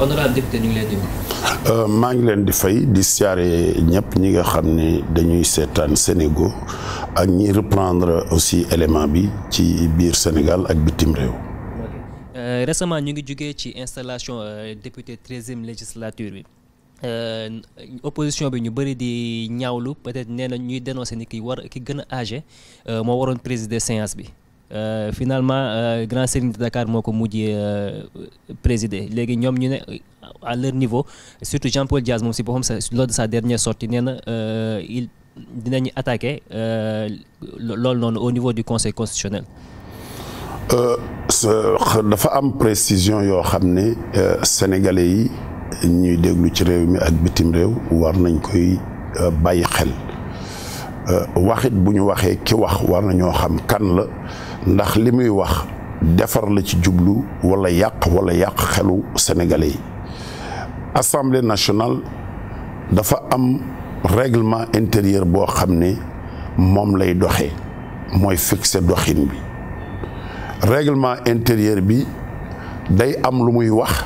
honorable député ñu euh, maa ngi leen di fay di siyaare ñëpp ñi nga xam ne dañuy seetaan Sénégal ak ñi reprendre aussi élément bi ci biir Sénégal ak bitim réew. Euh, récemment ñu ngi jugee ci installation euh, député treizième législature bi opposition bi ñu bëri di ñaawlu peut-être nee na ñuy dénoncer ni ki war ki gën a âgé moo waroon présider séance bi. Euh, finalement euh, Grand Serigne de Dakar moo ko mujj euh, présider léegi ñoom ñu ne à leur niveau surtout Jean-Paul Diaz moom si boppam sa lors de sa dernière sortie neena na il attaque attaquer loolu noonu au niveau du conseil constitutionnel. dafa am précision yoo xam ne sénégalais yi ñuy déglu ci réew mi ak bitim réew war nañ koy bàyyi xel waxit bu ñu waxee ki wax war nañoo xam kan la. ndax li muy wax defar la ci jublu wala yàq wala yàq xelu sénégalais yi assemblée nationale dafa am réglement intérieur boo xam ne moom lay doxe mooy fixer doxin bi réglement intérieur bi day am lu muy wax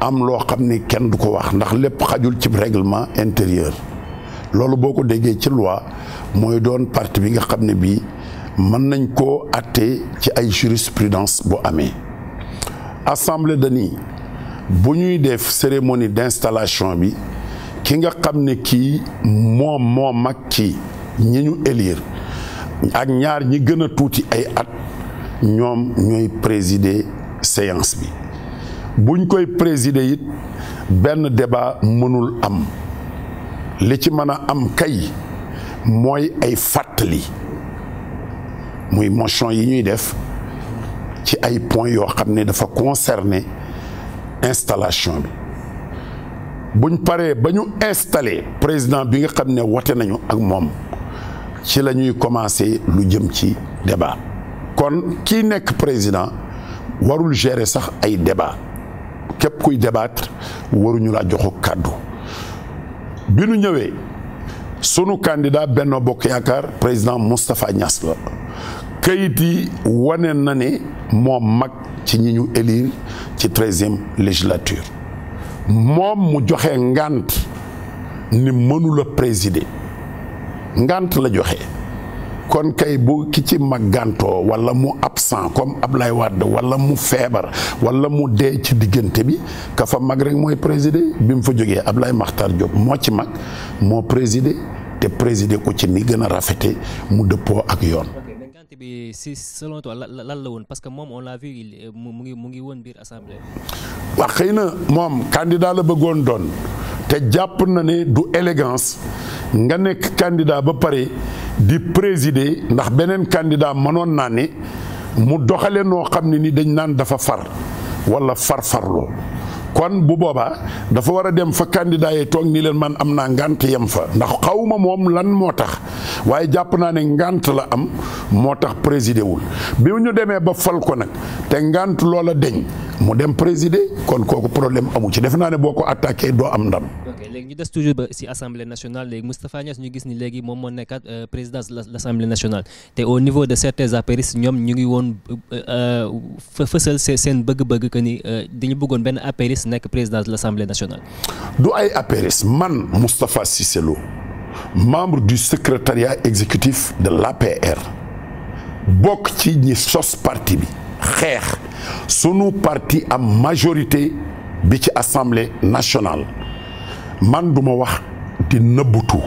am loo xam ni kenn du ko wax ndax lépp xajul ci réglement intérieur loolu boo ko déggee ci loi mooy doon partie bi nga xam ne bii mën nañ koo àtte ci ay jurisprudence bu amee assemblée dani bu ñuy def cérémonie d'installation bi ki nga xam ne kii moom moo mag ci ñi ñu élire ak ñaar ñi gën a tuuti ay at ñoom ñooy présider séance bi buñ koy présider it benn débat mënul am li ci mën a am kay mooy ay fàttali muy motion yi ñuy def ci ay points yoo xam ne dafa concerner installation bi buñ paree ba ñu installé président bi nga xam ne wote nañu ak moom ci la ñuy commencé lu jëm ci débat kon kii nekk président warul gérer sax ay débat képp kuy débattre waruñu laa joxu kàddu bi nu ñëwee sunu candidat Benno Bokk Yaakaar président Moustapha Niass la kayit yi wane na ni moom mag ci ñi ñu élire ci treizième législature moom mu joxe ngànt ni mënula présider ngànt la joxe kon kay bu ki ci mag gàntoo wala mu absent comme Ablaye wàdd wala mu feebar wala mu dee ci diggante bi kafa mag rek mooy présider bi mu fa jógee Ablaye Makhtar Diop moo ci mag moo présider te présider ko ci ni gën a rafete mu dëppoo ak yoon si selon toi lan la woon parce que moom on l'a vu euh, mu ngi mu ngi woon biir assemblée. waaw xëy na moom candidat la bëggoon doon te jàpp na ne du élégance nga nekk candidat ba pare di présider ndax beneen candidat manoon naa ni mu doxale noo xam ne ni dañ naan dafa far wala farfarloo kon bu boobaa dafa war a dem fa candidat yi toog nii leen man am naa ngant yem fa ndax xaw moom lan moo tax waaye jàpp naa ne ngant la am moo tax présider wul bi ñu demee ba fal ko nag te ngant loola deñ mu dem présider kon kooku problème amu ci defe naa ne boo ko attaqué doo am ndam. léegi ñu des toujours ba si assemblée nationale léegi Moustapha Niass ñu gis ni léegi moom moo nekkaat euh, présidence de l' assemblée nationale te au niveau de certains apéristes ñoom ñu ngi woon euh, euh, fësal seen bëgg-bëgg que ni dañu bëggoon benn appéris nekk présidence de l' assemblée nationale. du ay apériste man Moustapha Cissé membre du secrétariat exécutif de l' APR bokk ci ñi sos parti bi xeex sunu parti am majorité bi ci assemblée nationale. man du ma wax di nëbbutu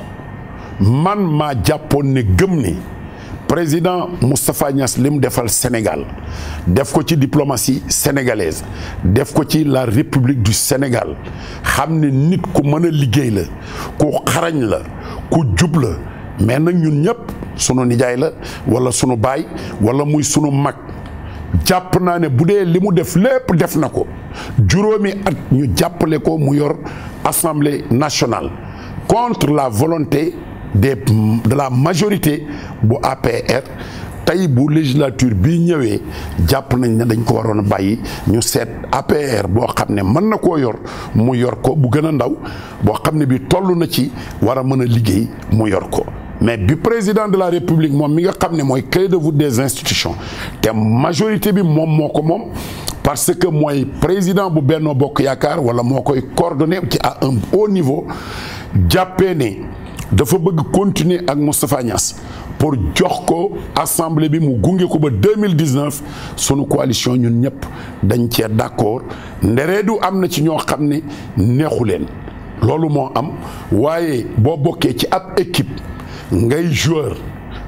man maa jàppoon ne gëm ni président Moustapha Niass defal Sénégal def ko ci diplomatie sénégalaise def ko ci la république du Sénégal xam ne nit ku mën a liggéey la ku xarañ la ku jub la mais ñun ñëpp sunu nijaay la wala sunu baay wala muy sunu mag jàpp naa ne bu dee li mu def lépp def na ko juróomi at ñu jàppale ko mu yor assemblée national contre la volonté des de la majorité bu APR tey bu législature bi ñëwee jàpp nañ ne dañ ko waroon a bàyyi ñu seet APR boo xam ne mën na koo yor mu yor ko bu gën a ndaw boo xam ne bi toll na ci war a mën a liggéey mu yor ko mais bi président de la république moom mi nga xam ne mooy clé de voûte des institutions te majorité bi moom moo ko moom parce que mooy président bu Benno Bokk Yaakaar wala moo koy coordonné ci à un haut niveau jàppee ne dafa bëgg continuer ak Moustapha pour jox ko assemblée bi mu gunge ko ba deux mille dix-neuf sunu coalition ñun ñëpp dañ cee d'accord ndereedu am na ci ñoo xam ne neexu leen loolu moo am waaye boo bokkee ci ak équipe. ngay joueur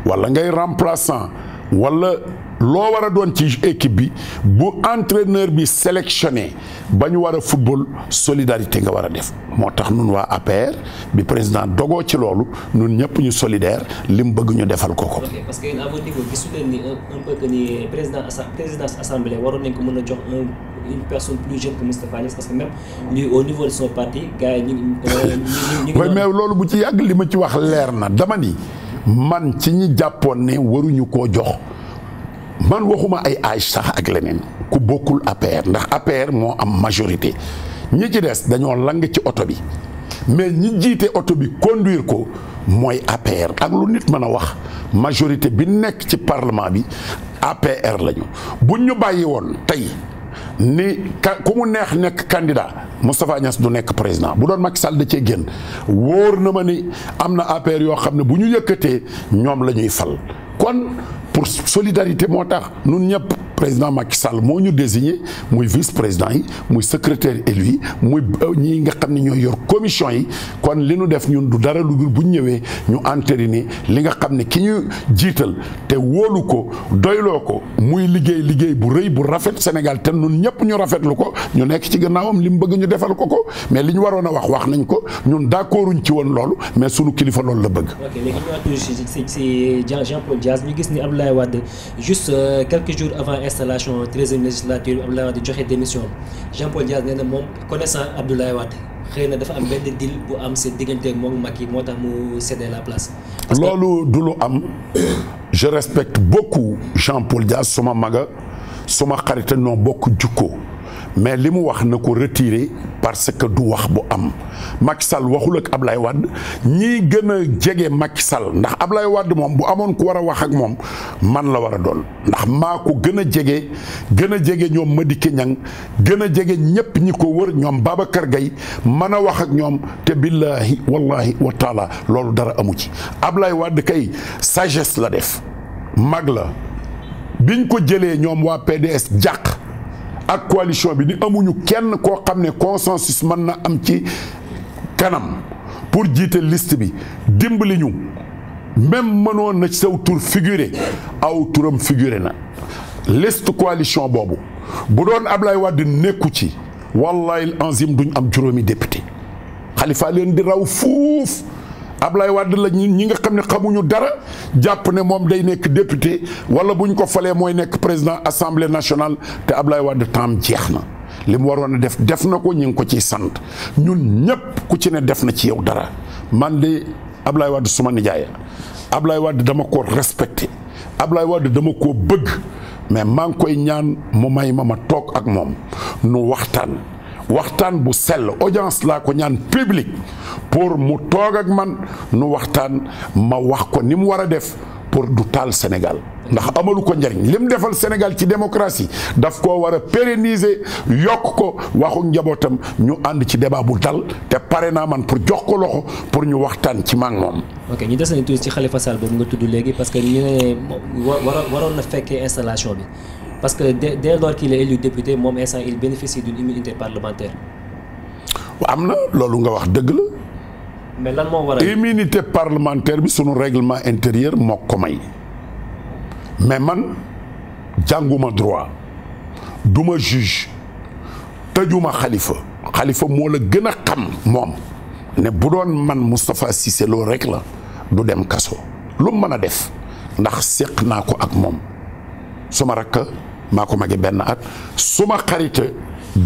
wala ngay remplaçant wala loo war a doon ci équipe bi bu entraîneur bi sélectionné ba ñu war a football solidarité nga war a def moo tax nun waa APR bi président dogoo ci loolu nun ñëpp ñu solidaire li mu bëgg ñu defal ko ko. ok parce que yéen à waroon nañ ko mën a une personne plus niveau de son euh, loolu bu ci yàgg li ma ci wax leer na dama ni man ci ñi jàppoon ne waruñu koo jox man waxuma ay âge sax ak leneen ku bokkul APR ndax APR moo am majorité ñi ci des dañoo lang ci oto bi mais ñi jiite oto bi conduire ko. mooy APR ak lu nit mën a wax majorité bi nekk ci parlement bi APR lañu buñ ñu bàyyi woon tey ni ku mu neex nekk kandidaa Moustapha Niass du nekk président bu doon Macky Sall da cee génn wóor na ma ni am na APR yoo xam ne bu ñu yëkkatee ñoom la ñuy fal kon pour solidarité moo tax nun ñëpp. président Macky Sall moo ñu désigné muy vice président yi muy secrétaire élu yi muy euh, ñi nga xam ne ñooy yor commission yi kon li nu def ñun du dara lu dul bu ñu ñëwee ñu entériné li nga xam ne ki ñu jiital te wóolu ko doyloo ko muy liggéey liggéey bu rëy bu rafet Sénégal te nun ñëpp ñu rafetlu ko ñu nekk ci gannaawam li mu bëgg ñu defal ko ko mais li ñu waroon a wax wax nañ ko ñun d'accorduñ ci woon loolu mais sunu kilifa loolu la bëgg. installation treizième législature bi di joxe démission Jean Paul Diaz nee na moom connaissant Abdoulaye Wade xëy na dafa am benn deal bu am seen diggante moom Macky moo tax mu cédé la place. loolu du lu am je respecte beaucoup Jean Paul Diaz suma maga suma xarita noo bokk jukko mais li mu wax na ko retirer parce que du wax bu am makk sal waxul ak Ablaye Wade ñiy gën a jege Macky sal ndax ab lay wàdd moom bu amoon ku war a wax ak moom man la war a doon ndax maa ko gën a jege gën a jege ñoom Madické Niang gën a jege ñëpp ñi ko wër ñoom kër gay mën a wax ak ñoom te billahi wallahi wa taala loolu dara amu ci Ablaye wàdd kay sages la def mag la biñ ko jëlee ñoom waa PDS jàq ak coalition bi ni amuñu kenn koo xam ne consensus mën na am ci kanam pour jiite liste bi dimbali ñu même mënoon na ci saw tur figuré aw turam figure na liste coalition boobu bu doon lay Wade nekku ci wallahi al anzim duñ am juróomi député xalifa leen di raw fuuf Ablaye Wade la ñi ñi nga xam ne xamuñu dara jàpp ne moom day nekk député wala bu ñu ko falee mooy nekk président assemblée nationale te Ablaye Wade tam jeex na li mu waroon a def def na ko ñu ngi ko ciy sant ñun ñëpp ku ci ne def na ci yow dara man de Ablaye Wade suma nijaay Ablaye Wade dama ko respecté Ablaye Wade dama ko bëgg mais maa ngi koy ñaan mu may ma ma toog ak moom nu waxtaan. waxtaan bu sell audience laa ko ñaan public pour mu toog ak man nu waxtaan ma wax ko ni mu war a def pour du taal Sénégal ndax amalu ko njariñ lim defal Sénégal ci démocratie daf koo war a pérenniser yokk ko waxu njabootam ñu ànd ci débat bu dal te pare naa man pour jox ko loxo pour ñu waxtaan ci maa ngi moom. ñu des nañu tuuti ci xalifa Sall boobu nga tudd léegi parce que ñu ne waroon na fekkee installation bi. parce que dès dès lors qu'il est élu député moom instant il bénéficie d'une immunité parlementaire. waaw am na loolu nga wax dëgg la. mais lan moo waral immunité parlementaire bi sunu règlement intérieur moo ko may. mais man jànguma droit duma juge tëjuma xalifa xalifa moo la gën a xam moom ne bu doon man Moustapha Cissé Lo rek la du dem kaso lu mën a def ndax séq naa ko ak moom suma rakk maa ko magi benn at su ma xarita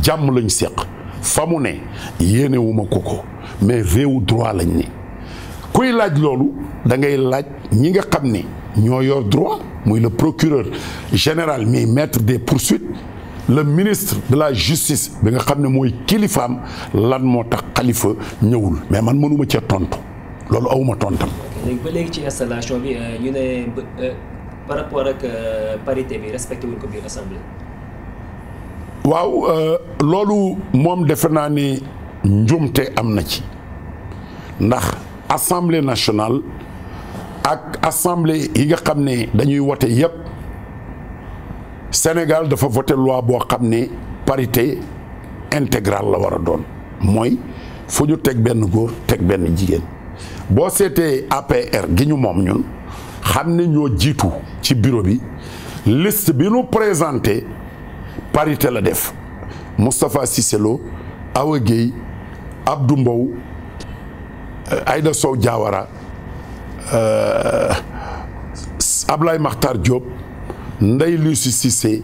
jàmm lañ séq fa mu ne yéenewuma ko ko mais réewu droit lañ ni kuy laaj loolu da ngay laaj ñi nga xam ni ñoo yor droit muy le procureur général mi maître des poursuites le ministre de la justice bi nga xam ne mooy kilifaam lan moo tax xalifa ñëwul mais man mënuma cee tontu loolu awuma tontam. par rapport ak euh, parité bi ko biir assemblée. waaw euh, loolu moom defe naa ne njuumte am na ci ndax assemblée nationale ak assemblée yi nga xam ne dañuy wote yépp Sénégal dafa voté loi boo xam ne parité intégrale la war a doon mooy fu ñu teg benn góor teg benn jigéen boo seetee APR gi ñu moom ñun. xam ne ñoo jiitu ci bureau bi liste bi nu présenté parité la def Moustapha Cissé Lo Awa Guèye Abdou Mbow euh, Aïda Sow Diawara euh, Ablaye maxtar Diop Ndeye Lucie Cissé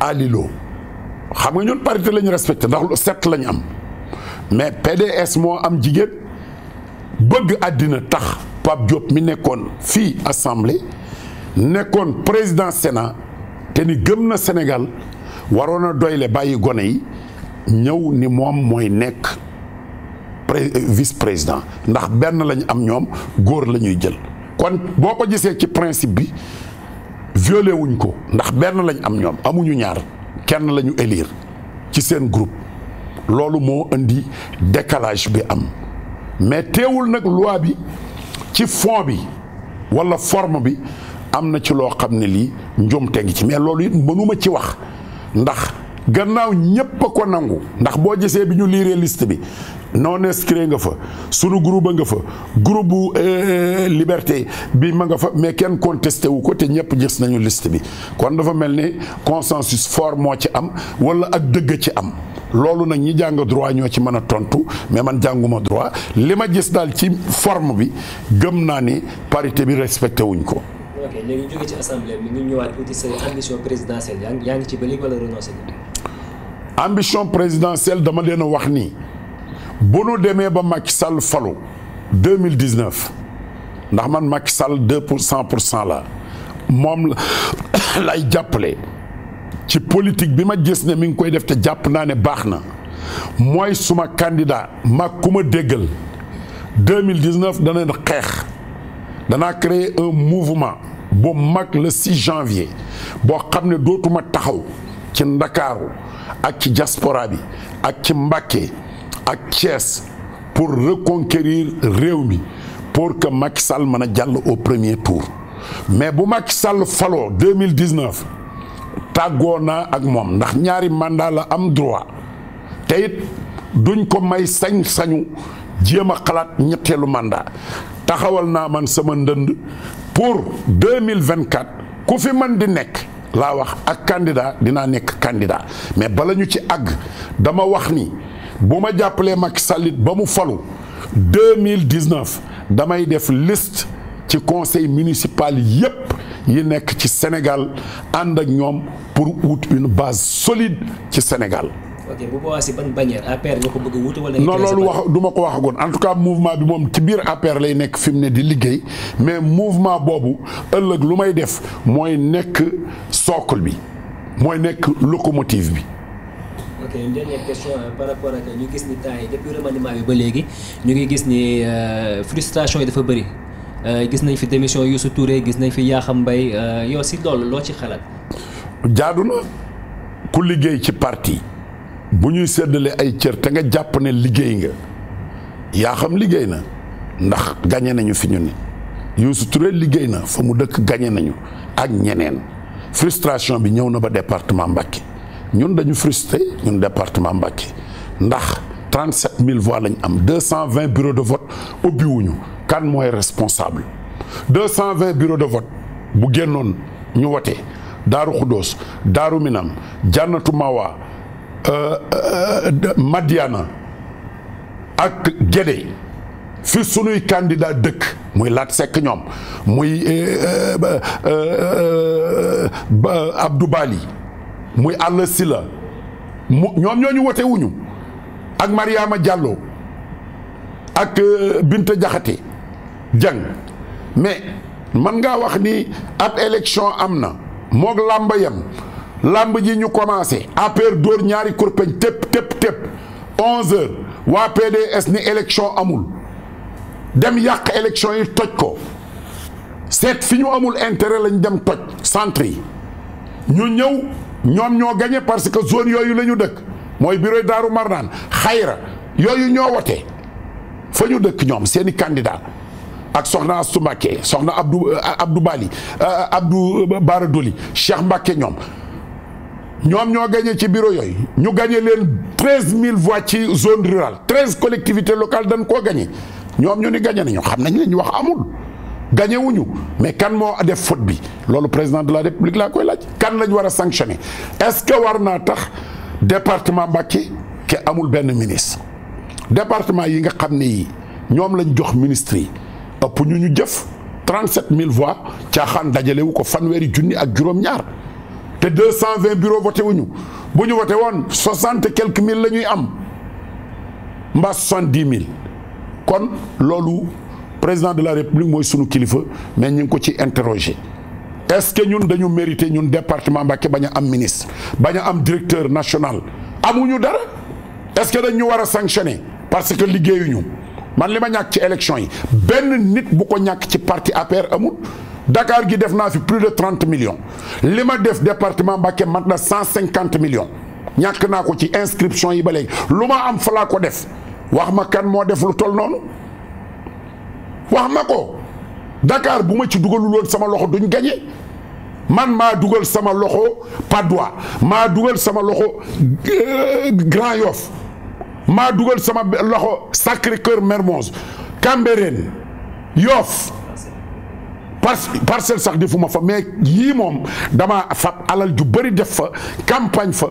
Ali Lo xam nga ñoon parité lañu ñu respecté ndax set la am mais PDS moo am jigéen bëgg àddina tax Pape Diop mi nekkoon fii assemblée nekkoon président Sénat te ni gëm na Sénégal waroon a doyle bàyyi gone yi ñëw ni moom mooy nekk pré vice président ndax benn lañ am ñoom góor la ñuy jël. kon boo ko gisee ci principe bi violewuñ ko ndax benn lañ am ñoom amuñu ñaar kenn la ñu élire ci seen groupe loolu moo indi décalage bi am mais teewul nag loi bi. ci fond bi wala forme bi am na ci loo xam ne lii njuumte ngi ci mais loolu it mënuma ci wax ndax gannaaw ñépp ko nangu ndax boo jësee bi ñu liiree liste bi non inscrit nga fa sunu groupe nga fa groupe bu euh, euh, liberté bi ma nga fa mais kenn contesté wu ko te ñëpp jës nañu liste bi kon dafa mel ni consensus fort moo ci am walla ak dëgg ci am loolu nag ñi jàng droit ñoo ci mën a tontu mais man jànguma droit li ma gis daal ci forme bi gëm naa ni parité bi respecté wuñ ko. ok ñu ñëwaat tuuti say ambition présidentielle yaa ba léegi wala renoncé ambition présidentielle dama leen a wax nii bu nu demee ba Macky Sall falu 2019 ndax man Macky Sall deux pour cent pour cent la moom lay jàppale. ci politique bi ma gis ne mi ngi koy def te jàpp naa ne baax na mooy suma kandidaa mag ku ma déggal deux mille dix neuf dana xeex danaa créer un mouvement bu mag le 6 janvier boo xam ne dootuma taxaw ci ndakaaru ak ci diaspora bi ak ci Mbàkke ak Thiès pour reconquérir réew mi pour que Macky Sall mën a jàll au premier tour mais bu Macky Sall faloo deux mille dix neuf tàggoo naa ak moom ndax ñaari mandat la am droit te it duñ ko may sañ-sañu jéem a xalaat ñetteelu mandat taxawal naa man sama ndënd pour deux mille vingt quatre ku fi man di nekk laa wax ak candidat dinaa nekk candidat mais bala ñu ci àgg dama wax ni bu ma jàppalee mag Sall ba mu falu deux mille dix neuf damay def list ci conseil municipal yépp yi nekk ci Sénégal ànd ak ñoom pour wut une base solide ci Sénégal. ok bu boobaa si ban bannière ko bëgg a wala. non loolu wax du ma ko waxagoon en tout cas mouvement bi moom ci biir APR lay nekk fi mu ne di liggéey mais mouvement boobu ëllëg lu may def mooy nekk socle bi mooy nekk locomotive bi. ok une dernière question euh, ñu gis ni yi ba léegi ñu ngi gis ni euh, frustration yi dafa bëri. Euh, gis nañ fi démission Youssou Touré gis nañ fi Yakham Mbaye euh, yow si loolu loo ci xalaat. jaadu na ku liggéey ci parti bu ñuy séddale ay cër te nga jàpp ne liggéey nga yaaxam liggéey na ndax gañe nañu fi ñu ne Youssou Touré liggéey na fa mu dëkk gañe nañu ak ñeneen frustration bi ñëw na ba département Mbacké ñun dañu frustré ñun département Mbacké ndax 37000 voix lañ am 220 bureaux de vote ubbiwuñu kan mooy responsable deux cent vingt bureau de vote bu génnoon ñu wote Daaru Xuddoos Daaru Minam Jannatu Mawa euh, euh, Madiana ak Gédé fi sunuy candidat dëkk muy Lat sekk ñoom muy euh, Abdou Bali muy Alla Sila ñoom ñooñu wote wuñu ak Mariama Diallo ak Binta Jaxate jàng mais man ngaa wax ni ab élection am na moog làmb yam làmb ji ñu commencé APR dóor ñaari kurpeñ tëpp tëpp tëpp onze heures waa PDS ni élection amul dem yàq élection yi toj ko seet fi ñu amul intérêt lañ dem toj centre yi ñu ñëw ñoom ñoo gagné parce que zone yooyu la ñu dëkk mooy bureau Daaru Marnaan xayra yooyu ñoo wote fa ñu dëkk ñoom seeni candidat ak soxna Astou Mbacké soxna Abdou Abdou Bali euh, Abdou Bara Doli Cheikh Mbacké ñoom ñoom ñoo gagné ci bureau yooyu ñu gagné leen treize mille voix ci zone rural treize collectivité locales dan koo gagné ñoom ñu ni gagné nañu xam nañ la ñu wax amul gagné wuñu mais kan moo a def faut bi loolu président de la république laa koy laaj kan lañ war a sanctionner est-ce que war naa tax département Mbacké ke amul benn ministre département yi nga xam ne yi ñoom lañ jox ministre yi ëpp ñu ñu jëf 37000 voix caaxaan dajalewu ko fanweeri junni ak juróom-ñaar te 220 bureaux voté wuñu bu ñu voté woon 60 quelques mille la ñuy am mbaa di mille kon loolu président de la république mooy sunu kilifa mais ñu ngi ko ci interroger est-ce que ñun dañu mérité ñun département Mbacké bañ a am ministre bañ a am directeur national amuñu dara est-ce que dañu war a sanctionner parce que liggéeyuñu. man li ma ñàkk ci élection yi benn nit bu ko ñàkk ci parti APR amul Dakar gi def naa fi plus de trente million li ma def département Mbacké mat na cent cinquante millions ñàkk naa ko ci inscription yi ba léegi lu ma am falaa laa ko def wax ma kan moo def lu tol noonu wax ma ko dakaar bu ma ci dugalul woon sama loxo duñ gañe man maa dugal sama loxo Padois maa dugal sama loxo euh, Grand Yoff maa dugal sama loxo Sacré Cœur Mermoz yoof Yoff parcelle sax defuma fa mais yii moom dama fab alal ju bëri def fa campagne fa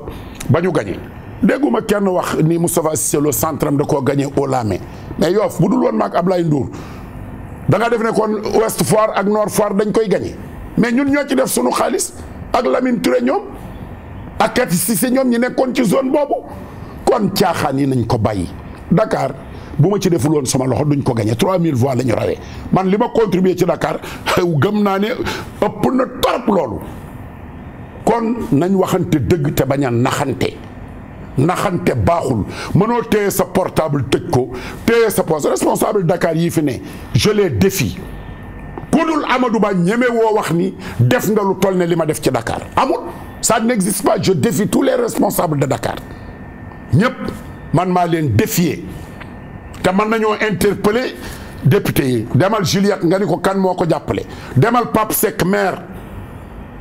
ba ñu gañe dégguma kenn wax ni Moustapha Cissé Lo centram da koo gañee au lamé mais yoof bu dul woon maag Ablaye Ndour da nga def ne kon Ouest Foire ak Nord Foire dañ koy gañe mais ñun ñoo ci def suñu xaalis ak Lamine Touré ñoom ak Kati Cissé ñoom ñi nekkoon ci zone boobu kon caaxaan yi nañ ko bàyyi dakaar bu ma ci deful woon sama loxo duñ ko gagné 3000 mille la ñu rawee man li ma contribué ci Dakar xew gëm naa ne ëpp na torop loolu kon nañ waxante dëgg te bañ naxante naxante baaxul mënoo téye sa portable tëj ko téye sa poste responsable yii fi ne je les défie ku dul Amadou Ba ñeme woo wax ni def nga lu toll ne li ma def ci Dakar amul ça n'existe pas je défie tous les responsables de Dakar ñëpp man maa leen défier te mën nañoo interpeller député yi demal Juliette nga ni ko kan moo ko jàppale demal Pape Seck maire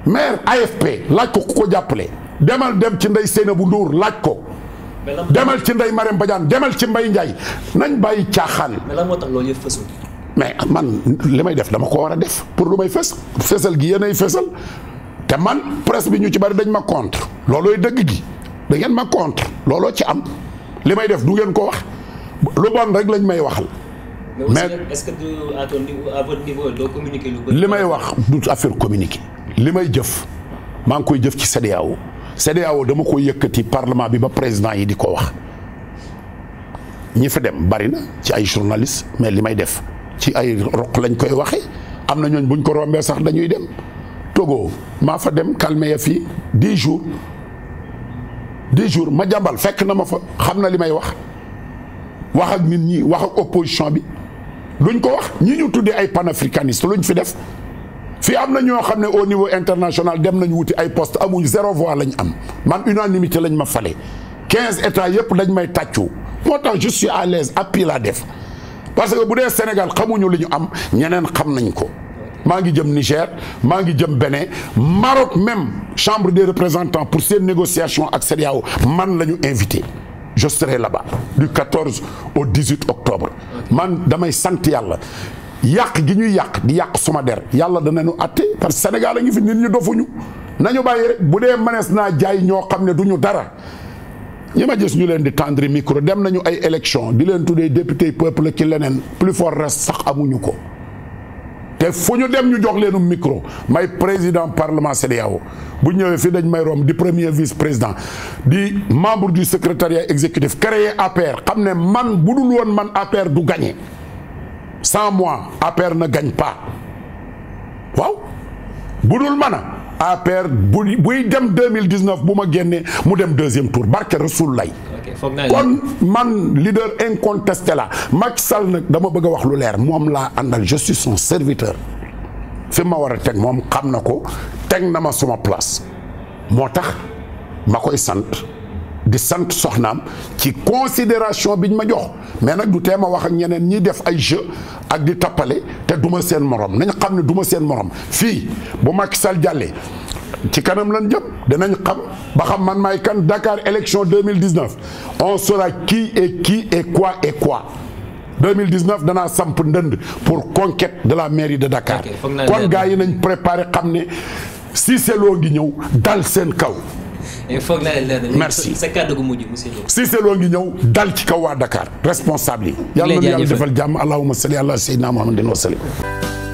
maire AFP laaj ko ku ko jàppale demal dem ci ndey bu Ndour laaj ko demal ci ndey Marème Badiane demal ci Mbaye Ndiaye nañ bàyyi caaxaan mais lan moo tax loolu yëpp fësul mais man li may def dama ko war a def pour lu may fës fësal gi yéenay fësal te man presse bi ñu ci bari dañ ma contre loolooy dëgg gi da ngeen ma contre looloo ci am li may def du ngeen ko wax lu bon rek lañ may waxal. mais que li may wax du affaire communiquer li may jëf maa ngi koy jëf ci CEDEAO CEDEAO dama koy yëkkati parlement bi ba président yi di ko wax ñi fi dem bari na ci ay journaliste mais li may def ci ay roq lañ koy waxee am na ñooñ buñ ko rombee sax dañuy dem Togo maa fa dem calmer ya fii dix jours. li jours ma jàmbal fekk na ma fa xam na li may wax wax ak nit ñi wax ak opposition bi luñ ko wax ñi ñu tuddee ay panafricaniste luñ fi def fii am na ñoo xam ne au niveau international dem nañu wuti ay poste amuñ zéro voix lañ am man unanimité lañ ma fale quinze états yëpp dañ may tàccu moo tax je suis à l'aise appui laa def parce que bu dee Sénégal xamuñu li ñu am ñeneen xam nañ ko maa ngi jëm Niger maa ngi jëm Bénin Maroc même chambre des représentants pour seen négociation ak CEDEAO man la ñu invité je serai là-bas du 14 au 18 octobre man damay sant yàlla yàq gi ñuy yàq di yàq suma der yàlla danañu atte parce que Sénégal a ngi fi nit ñu dofuñu nañu bàyyi rek bu dee manees naa jaay ñoo xam ne du ñu dara ñu ma gis ñu leen di tendre micro dem nañu ay élection di leen tuddee député peuple ki leneen plus fort reste sax amuñu ko te fu ñu dem ñu jox leenu micro may président parlement CEDEAO bu ñëwee fii dañ may rom di premier vice président di membre du secrétariat exécutif créé APR xam ne man bu dul woon man APR du gagné cent mois APR na gagne pas waaw bu dul man APR bu buy dem deux mille dix neuf bu ma génnee mu dem deuxième tour barke Rasul lay kon man leader incontesté la Macky Sall nag dama bëgg a wax lu leer moom laa àndal je suis son serviteur fi ma war a teg moom xam na ko teg na ma suma place moo tax ma koy sant. di sant soxnaam ci considération biñ ma jox mais nag du teem a wax ak ñeneen ñiy def ay jeu ak di tappale te duma seen morom nañ xam ne duma seen morom fii bu Macky sal jàllee ci kanam lan jëm danañ xam ba xam man maay kan Dakar élection 2019 on saura qui est qui et quoi et quoi 2019 danaa samp ndënd pour conquête de la mairie de Dakar kon gars yi nañ préparé xam ne Cissé Lo ngi ñëw dal seen kaw foog na leen merci sa kàddu gu mujj monsieur Diop si seeloo ngi ñëw dal ci kaw waa Dakar responsable yi yàlla na yàlla defal jàmm allahumma salli ala sayyidina muhammadin wa sallim